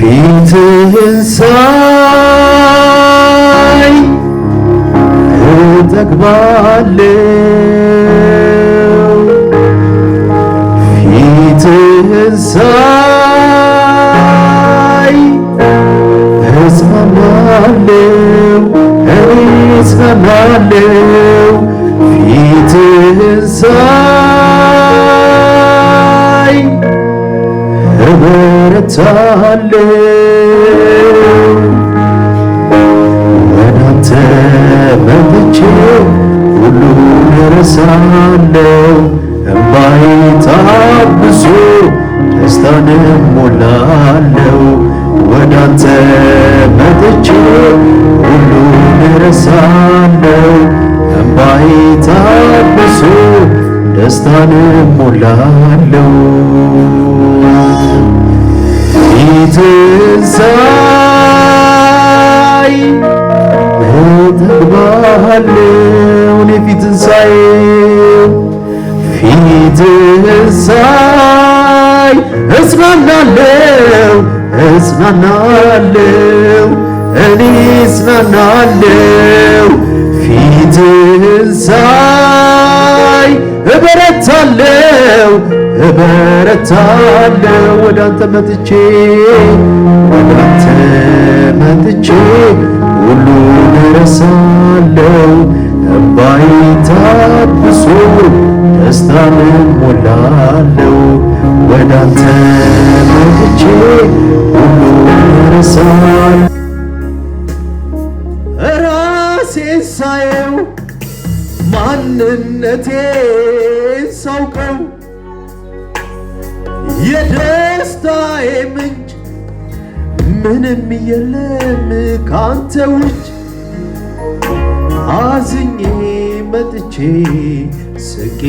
feel the inside the inside it's my love it's my love it's my love እበረታለሁ ወዳንተ መጥቼ ሁሉን እረሳለሁ እምባዬ ታብሶ ደስታን ሞላለሁ ወዳንተ መጥቼ ሁሉን እረሳለሁ እምባዬ ታብሶ ደስታን ሞላለሁ ትንሣኤ እጠግባለሁ እኔ ፊት ትንሣኤ ፊት ትንሣኤ እጽናናለሁ እጽናናለሁ እኔ እጽናናለሁ ፊት ትንሣኤ እበረታለው እበረታለው ወዳንተ መጥቼ ወዳንተ መጥቼ ሁሉ እረሳለው እምባዬ ታብሶ ደስታን ሞላለው ወዳንተ መጥቼ ሁሉን እረሳለው ራሴን ሳየው ማንነቴን ሳውቀው የደስታዬ ምንጭ ምንም የለም ካንተ ውጭ አዝኜ መጥቼ ስቄ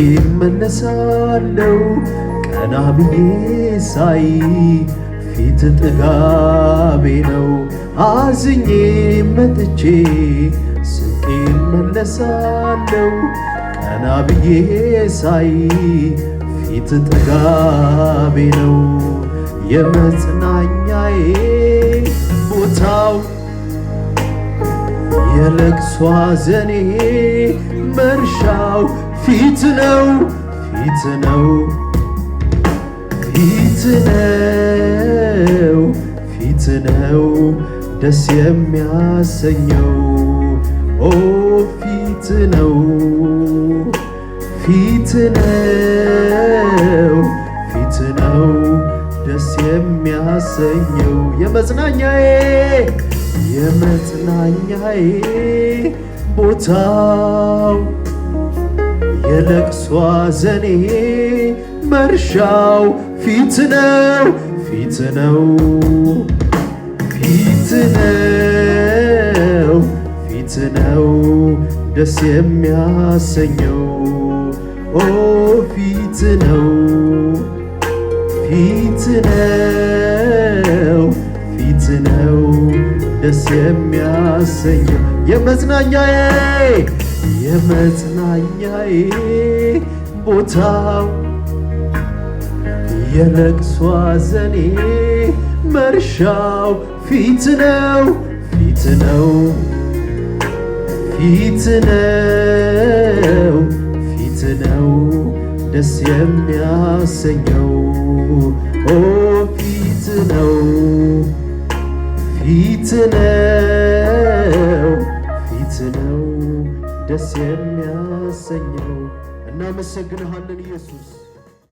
መነሳለው ቀና ብዬ ሳይ ፊት ጥጋቤ ነው አዝኜ መጥቼ እመለሳለው ቀና ብዬ ሳይ ፊት ጥጋቤ ነው የመጽናኛዬ ቦታው የለቅሶ ሐዘኔ መርሻው ፊት ነው ፊት ነው ፊት ነው ፊት ነው ደስ የሚያሰኘው ፊት ነው ፊት ነው ፊት ነው ደስ የሚያሰኘው የመጽናኛዬ የመጽናኛዬ ቦታው የለቅሷ ዘኔ መርሻው ፊት ነው ፊት ነው ፊት ነው ፊት ነው ደስ የሚያሰኘው ኦ ፊት ነው ፊት ነው ፊት ነው ደስ የሚያሰኘው የመዝናኛዬ የመዝናኛዬ ቦታው የለቅሶ ሐዘኔ መርሻው ፊት ነው ፊት ነው ፊት ነው ፊት ነው ደስ የሚያሰኘው ኦ ፊት ነው ፊት ነው ፊት ነው ደስ የሚያሰኘው። እናመሰግንሃለን ኢየሱስ።